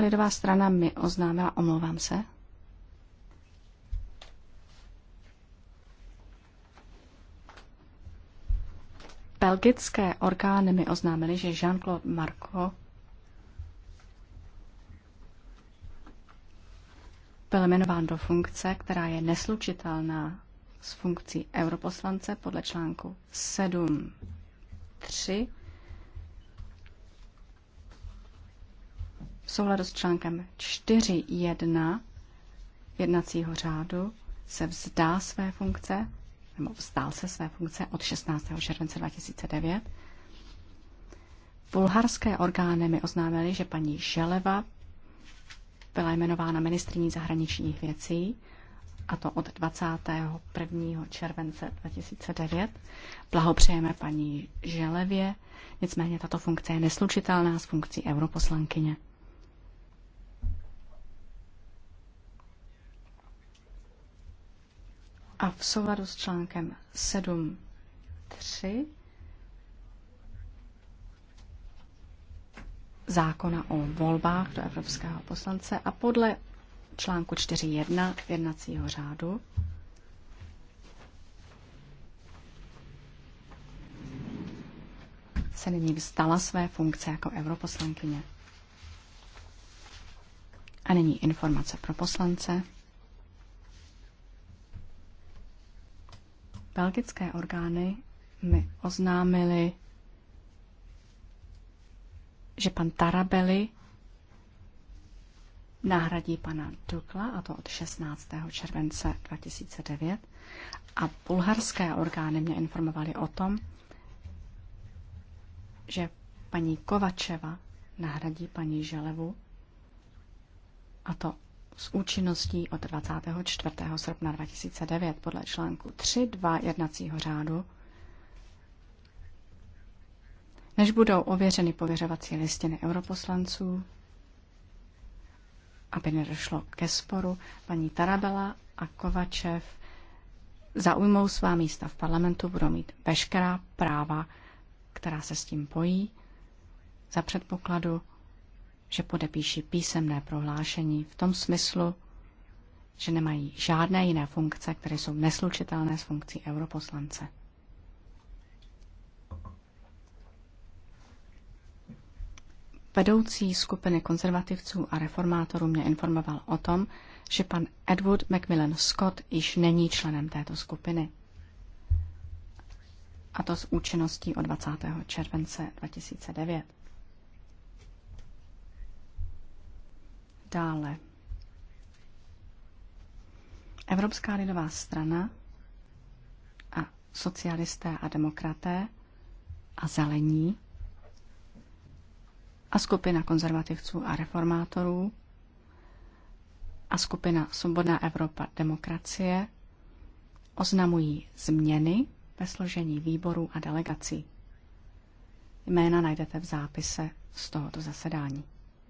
lidová strana mi oznámila, omlouvám se. Belgické orgány mi oznámily, že Jean-Claude Marco byl jmenován do funkce, která je neslučitelná s funkcí europoslance podle článku 7.3 v souladu s článkem 4.1 jednacího řádu se vzdá své funkce, nebo vzdál se své funkce od 16. července 2009. Bulharské orgány mi oznámily, že paní Želeva byla jmenována ministrní zahraničních věcí, a to od 21. července 2009. Blahopřejeme paní Želevě, nicméně tato funkce je neslučitelná s funkcí europoslankyně. a v souladu s článkem 7.3 zákona o volbách do Evropského poslance a podle článku 4.1 jednacího řádu se nyní vzdala své funkce jako europoslankyně. A nyní informace pro poslance. Belgické orgány mi oznámili, že pan Tarabelli nahradí pana Dukla, a to od 16. července 2009. A bulharské orgány mě informovaly o tom, že paní Kovačeva nahradí paní Želevu, a to s účinností od 24. srpna 2009 podle článku 3.2 jednacího řádu, než budou ověřeny pověřovací listiny europoslanců, aby nedošlo ke sporu, paní Tarabela a Kovačev zaujmou svá místa v parlamentu, budou mít veškerá práva, která se s tím pojí, za předpokladu, že podepíší písemné prohlášení v tom smyslu, že nemají žádné jiné funkce, které jsou neslučitelné s funkcí europoslance. Vedoucí skupiny konzervativců a reformátorů mě informoval o tom, že pan Edward Macmillan Scott již není členem této skupiny. A to s účinností od 20. července 2009. Dále. Evropská lidová strana a socialisté a demokraté a zelení a skupina konzervativců a reformátorů a skupina Svobodná Evropa demokracie oznamují změny ve složení výborů a delegací. Jména najdete v zápise z tohoto zasedání.